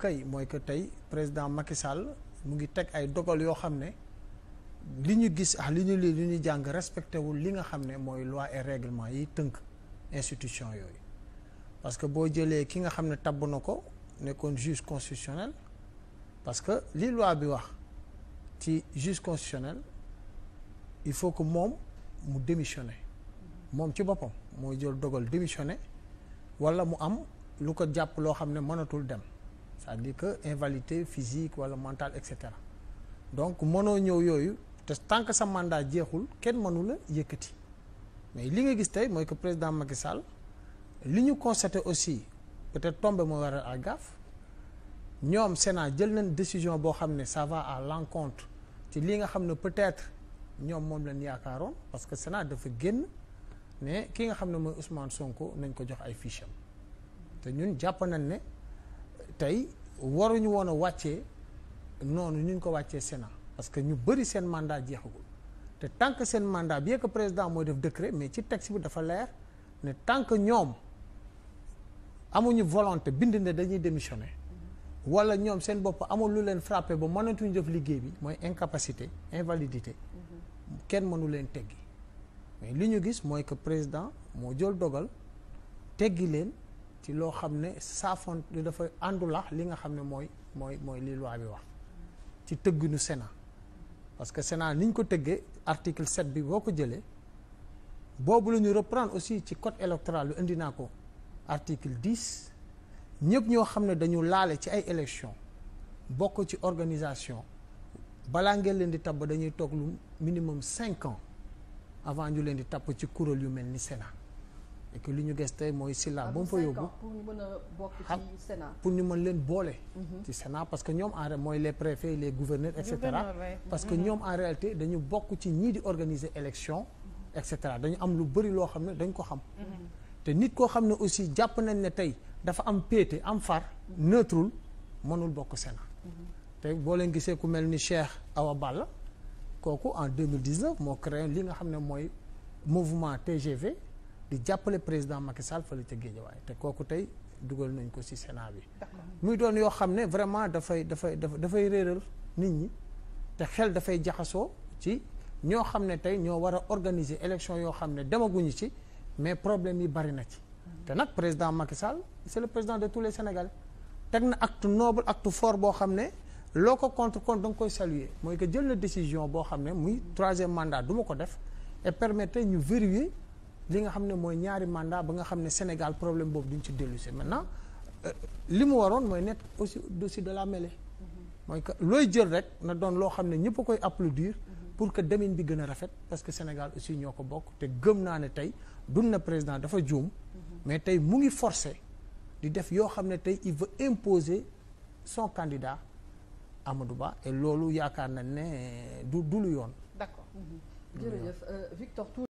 kay mooy que tey président Macky mu ngi teg ay dogal yoo xam ne li ñu gis ah li ñu lii li ñu jàng respecté wul li nga xam ne mooy loi et règlement yi tënk institution yooyu parce que boo jëlee ki nga xam ne tabb na ko nekkoon juge constitutionnel parce que li loi bi wax ci juge constitutionnel il faut que moom mu démissionné moom ci boppam mooy jël dogal démissionné walla mu am lu ko jàpp loo xam ne mënatul dem c'est-à-dire que invalidité physique wala mentale et cetera donc mënoo ñëw yooyu te tant que sa mandat jeexul kenn mënu la yëkkati mais li nga gis tey mooy que président Macky Sall li ñu constaté aussi peut tombe tombé mooy waral ak gaffe ñoom Sénat jël nañ décision boo xam ne ça va à l'encontre ci li nga xam ne peut-être ñoom moom lañ yaakaaroon parce que Sénat dafa génn ne ki nga xam ne mooy Ousmane Sonko nañ ko jox ay fiches te ñun jàpp nañ ne. tey waruñu woon a wàccee noonu ñu ko wàccee Sénat parce que ñu bëri seen mandat jeexagul te tant que seen mandat bien que président mooy def décret mais ci texte bi dafa leer ne tant que ñoom amuñu volonté bind ne dañuy démissionner wala ñoom seen bopp amul lu leen frappé ba mënatuñu def liggéey bi mooy incapacité invalidité kenn mënu leen teggi mais li ñu gis mooy que président moo jël dogal teggi leen ci loo xam ne saafon dafa àndulax li nga xam ne mooy mooy mooy li loi bi wax ci tëgginu sena parce que Sénat ni ko tëggee article 7 bi boo ko jëlee boobu la ñu aussi ci code électoral lu indi naa ko article 10 ñëpp ñoo xam ne dañu laale ci ay élection bokk ci organisation balaa ngeen leen di tabb dañuy toog lu minimum cinq ans avant ñu leen di tabb ci kuréel yu mel ni sena et que li ñu gis tey mooy Silla ba mu fa yóbbu pour ñu mën a bokk ci Sénat pour ñu mën leen boole. Mhm. ci Sénat parce que ñoom en mooy les préfets les gouverneurs et cetera. parce que ñoom en réalité dañu bokk ci ñii di organiser élection. Mhm. et cetera dañu am lu bëri loo xam ne dañ ko xam. Mhm. te nit koo xam ne aussi jàpp nañ ne tey dafa am péete am far. neutrul mënul bokk Sénat. te boo leen gisee ku mel ni Cheikh Awa Balla kooku en 2019 moo créé li nga xam ne mooy mouvement TGV. di jàppale président Macky la fële ca Guédiawaye te kooku tey dugal nañ ko ci Sénat bi. muy doon yoo xam ne vraiment dafay dafay dafay réeral nit ñi te xel dafay jaxasoo ci ñoo xam ne tey ñoo war a organiser élection yoo xam ne demaguñu ci mais problème yi bari na ci. Mm-hmm. te nag président Macky Sall c'est le président de tous les Sénégalais teg na acte noble acte fort boo xam ne. loo ko contre contre da nga koy saluer mooy que jël na décision boo xam ne muy troisième mandat du ko def et permettre ñu vérifier li nga xam ne mooy ñaari mandat ba nga xam ne Sénégal problème boobu duñ ci dellusi maintenant euh, li mu waroon mooy nekk aussi au-dessus de la mêlée mooy que looy jël rek na doon loo xam ne ñëpp koy applaudir pour que demin bi gën a rafet parce que Sénégal aussi ñoo ko bokk te gëm naa ne tey dun na président dafa juum mais tey mu ngi forcé di def yoo xam ne tey il veut imposer son candidat Amadou Ba et loolu yaakaar na ne du du lu yoon d'accord mm-hmm. euh,